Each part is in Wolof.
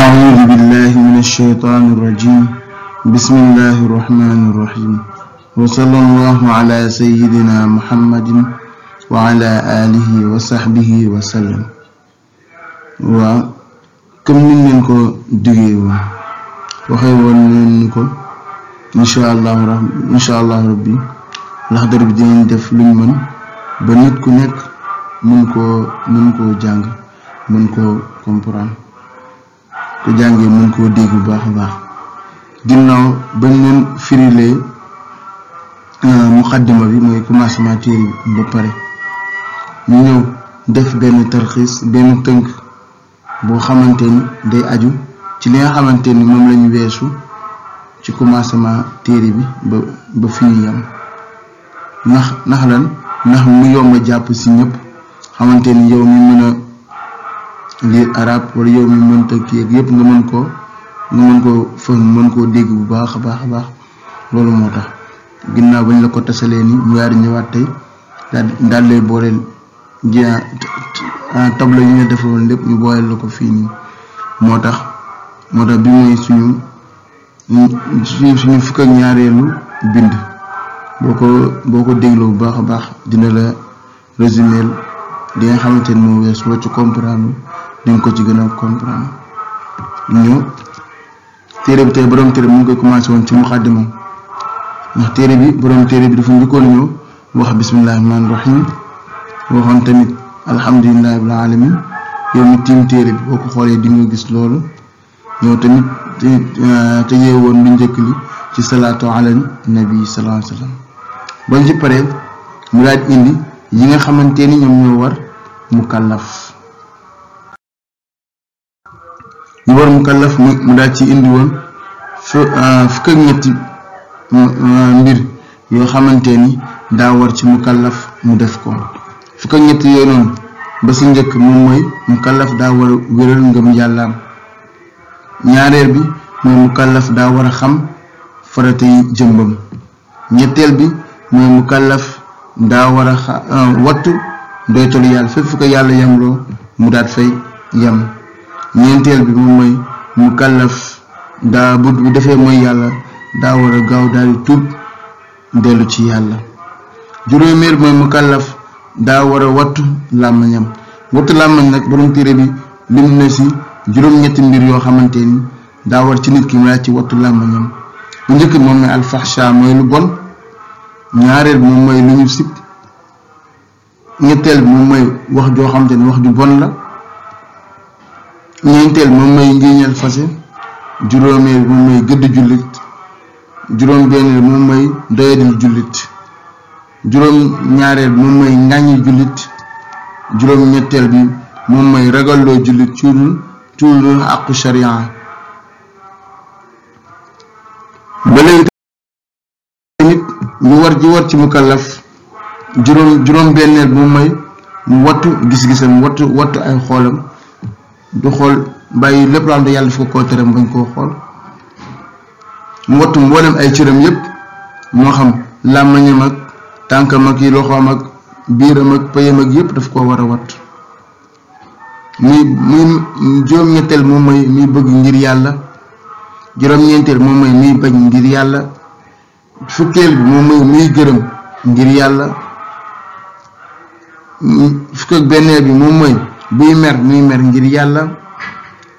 أعوذ بالله من الشيطان الرجيم بسم الله الرحمن الرحيم وصلى الله على سيدنا محمد وعلى آله وصحبه وسلم waaw comme niñ leen ko digee woon waxee woon leen ko incha allah incha allah rabbi laxdar bi dinañ def luñ mën ba nit ku nekk mën koo mën koo jàng mën koo comprendre ku jàngee mën koo dégg bu baax a baax ginnaaw bañ leen firilee euh, muqaddima bi mooy commencement téere bi ba pare ñu ñëw def benn tarxiis benn tënk boo xamante ni day aju ci li nga xamante ni moom lañu weesu ci commencement téere bi ba fi ñu yem ndax ndax lan ndax mu yomb jàpp si ñëpp xamante ni mi mën a ngir arab wala yow mi mënta kii ak yëpp nga mën ko nga mën koo mën koo dégg bu baax a baax a baax loolu moo tax ginnaaw bañ la ko tasalee ni ñu yaa di ñëwaat tey daal lay ah, lépp ñu booleel la ko fii nii moo tax moo tax bi mooy suñu suñu suñu fukk ak ñaareelu bind boo ko boo ko dégloo bu baax a baax dina la résumer li nga xamante ne moo wees loo ci comprendre dañ ko ci gën a comprendre ñu téere bi tey borom téere bi mu ngi koy commencé woon ci muqaddima ndax téere bi borom téere bi dafa njëkkoon ñëw wax bismillahi rahmaani rahim waxoon tamit alhamdulillahi rabbil alamin yow mi tiim téere bi boo ko xoolee di nga gis loolu ñoo tamit tëjee euh, woon lu njëkk li ci salaatu ala nabi sallallahu alayhi wasallam bañ ci paree mu daal indi yi nga xamante ni ñoom ñoo war mu kàllaf ñu war mukallaf mu mu daal ci indi woon euh, fukk ak ñetti euh, euh, mbir yoo xamante ni daa war ci mukallaf mu def ko fukk ak ñetti yooyu ba si njëkk moom mooy mukallaf daa war a wéral ñaareel bi mooy mukallaf daa war a xam farata yi jëmbam ñetteel bi mooy mukallaf daa war a wattu ndoytalu yàlla fépp fu ko yàlla yamloo mu daat fay yam ñeenteel bi moom mooy mu kàllaf daa bu defee mooy yàlla daa war a gaaw daal di tuub dellu ci yàlla juróomeel mooy mu kàllaf daa war a wattu làmmañam wattu làmmañ nag borom téere bi lim na si juróom-ñetti mbir yoo xamante ni daa war ci nit ki mu ci wattu làmmañam bu njëkk moom mooy alfaxsha mooy lu bon ñaareel bi moom mooy lu ñu sib ñetteel bi moom mooy wax joo xamante ni wax ju bon la ñeenteel moom may ngéeñal fase juróomeel moom may gëdd jullit juróom benneel moom may doyadil jullit juróom ñaareel moom ñetteel bi moom may ragalloo jullit ci lu dul àqu sharia ba léegi tamit lu war ji war ci mukallaf juróom juróom benneel moom may mu wattu gis-gisam wattu wattu ay xoolam du xool bàyyi lépp loo xam ne yàlla daf ko koo tere bañ koo xool mu wattu mboolem ay cëram yépp moo xam làmmañam ak tànkam ak yi loxoom ak biiram ak pëyam ak yépp daf koo war a watt muy muy juróom-ñetteel moom mooy muy bëgg ngir yàlla juróom-ñeenteel moom mooy muy bañ ngir yàlla fukkeel bi moom mooy muy gërëm ngir yàlla fukk bi moom mooy buy mer muy mer ngir yàlla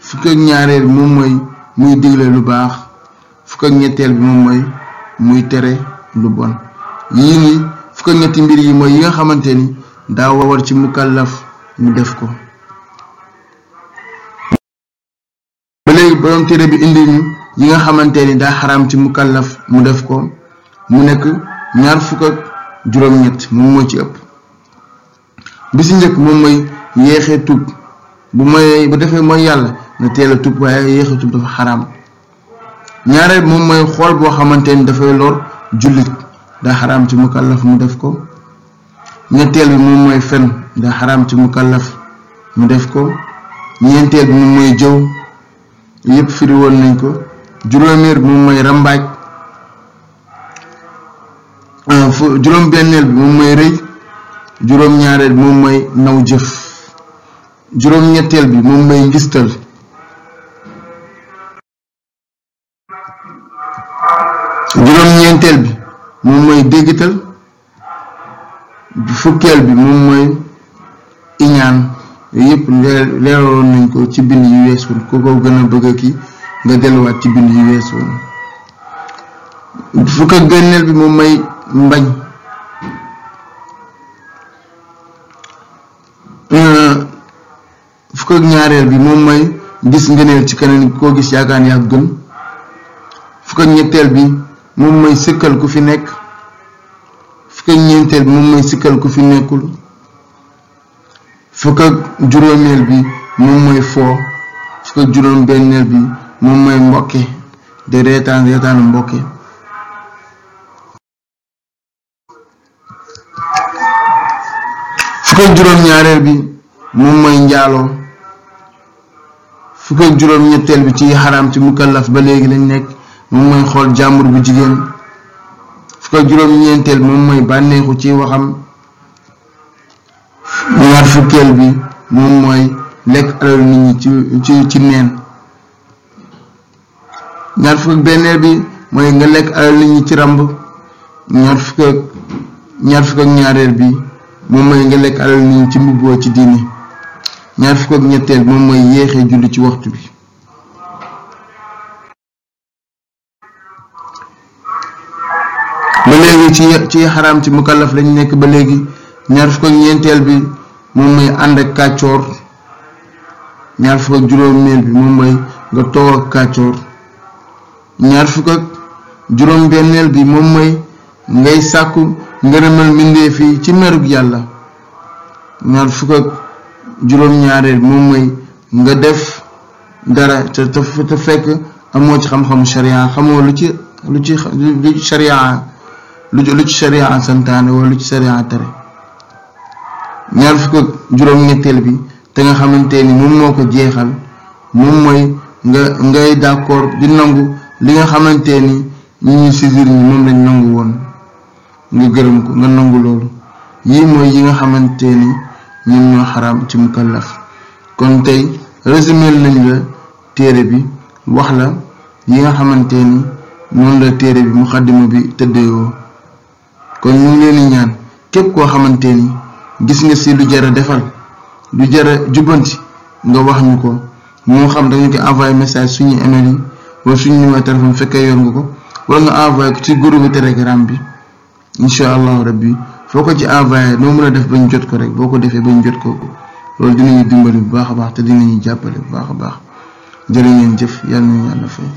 fukk ak ñaareel bi moom mooy muy digle lu baax fukk ak ñetteel bi moom mooy muy tere lu bon yii ni fukk ak ñetti mbir yi mooy yi nga xamante ni daa war ci mukallaf mu def ko ba bi indi yi nga xamante ni daa ci mukallaf mu def ko mu nekk ñaar fukk ak juróom-ñett moom moo ci ëpp bi si njëkk moom mooy yéexee tub bu mooy bu defee mooy yàlla na teel a tub waaye yéexee tub dafa xaraam ñaareel moom mooy xool boo xamante ni dafay lor jullit daa xaraam ci mukallaf mu def ko ñetteel bi moom mooy fen daa xaraam ci mukallaf mu def ko ñeenteel bi moom mooy jëw yépp firi nañ ko juróomeel bi moom mooy rambaaj euh, juróom moom mooy rëy ñaareel moom mooy naw jëf juróom-ñetteel bi moom may ngistal juróom-ñeenteel bi moom mooy déggital fukkeel bi moom mooy iñaan yooyu yëpp leeraloon nañ ko ci bind yu wees woon ku ko gën bëgg a nga delluwaat ci bind yu wees woon fukk ak bi moom may mbañ fukk ñaareel bi moom mooy gis ngëneel ci keneen koo gis yaakaar yaa gën fukk ak ñetteel bi moom mooy sikkal ku fi nekk fukk ak bi moom mooy sikkal ku fi nekkul fukk juróomeel bi moom mooy foo fukk juróom benneel bi moom mooy mbokke de reetaan reetaanu mbokke fukk juróom ñaareel bi moom mooy njaaloo fukk ak juróom ñetteel bi ci xaram ci mukallaf ba léegi lañ nekk moom mooy xool jàmbur bu jigéen fukk ak juróom ñeenteel moom mooy bànneexu ci waxam ñaar bi moom mooy lekk alalu nit ñi ci ci ci neen ñaar mooy ci ràmb ñaar fukk ak ñaar fukk ak ñaareel bi moom mooy nga lekk alalu nit ñi ci mbubboo ci diini ñaar fukk moom mooy yéexee julli ci waxtu bi ba léegi ci ci xaraam ci mukallaf lañu nekk ba léegi ñaar fukk ak ñeenteel bi moom mooy ànd ak kàccoor ñaar fukk ak juróomeel bi moom mooy nga toog ak kàccoor ñaar fukk ak juróom benneel bi moom mooy ngay sàkku ngërëmal mbindeef yi ci merug yàlla ñaar fukk ak juróom-ñaareel moom mooy nga def dara te te fekk amoo ci xam-xamu sharia xamoo lu ci lu ci lu sharia lu lu ci sharia santaane wala lu ci sharia tere ñaar fukk ak juróom-ñetteel bi te nga xamante ni moom moo ko jeexal moom mooy nga ngay d'accord di nangu li nga xamante ni ñi ñuy saisir ñi moom lañ nangu woon nga gërëm ko nga nangu loolu yii mooy yi nga xamante ni ñoom ñoo xaraam ci mukallaf kon tey résumé nañ la téere bi wax la yi nga xamante ni moom la téere bi muxaddima bi tëddeewoo kon ñu ngi leen ñaan képp koo xamante ni gis nga si lu jara defal lu jara jubbanti nga wax ñu ko moo xam dañu ko envoyé message suñu email yi wala suñu numéro téléphone fekkee yor nga ko wala nga envoyé ko ci groupe telegram bi incha allahu rabbi foo ko ci envoyé noo mën a def ba jot ko rek boo ko defee ba ñu jot ko loolu dinañu dimbali bu baax a baax te dinañu jàppale bu baax a baax jërë ngeen jëf yàlla nañu yàlla fay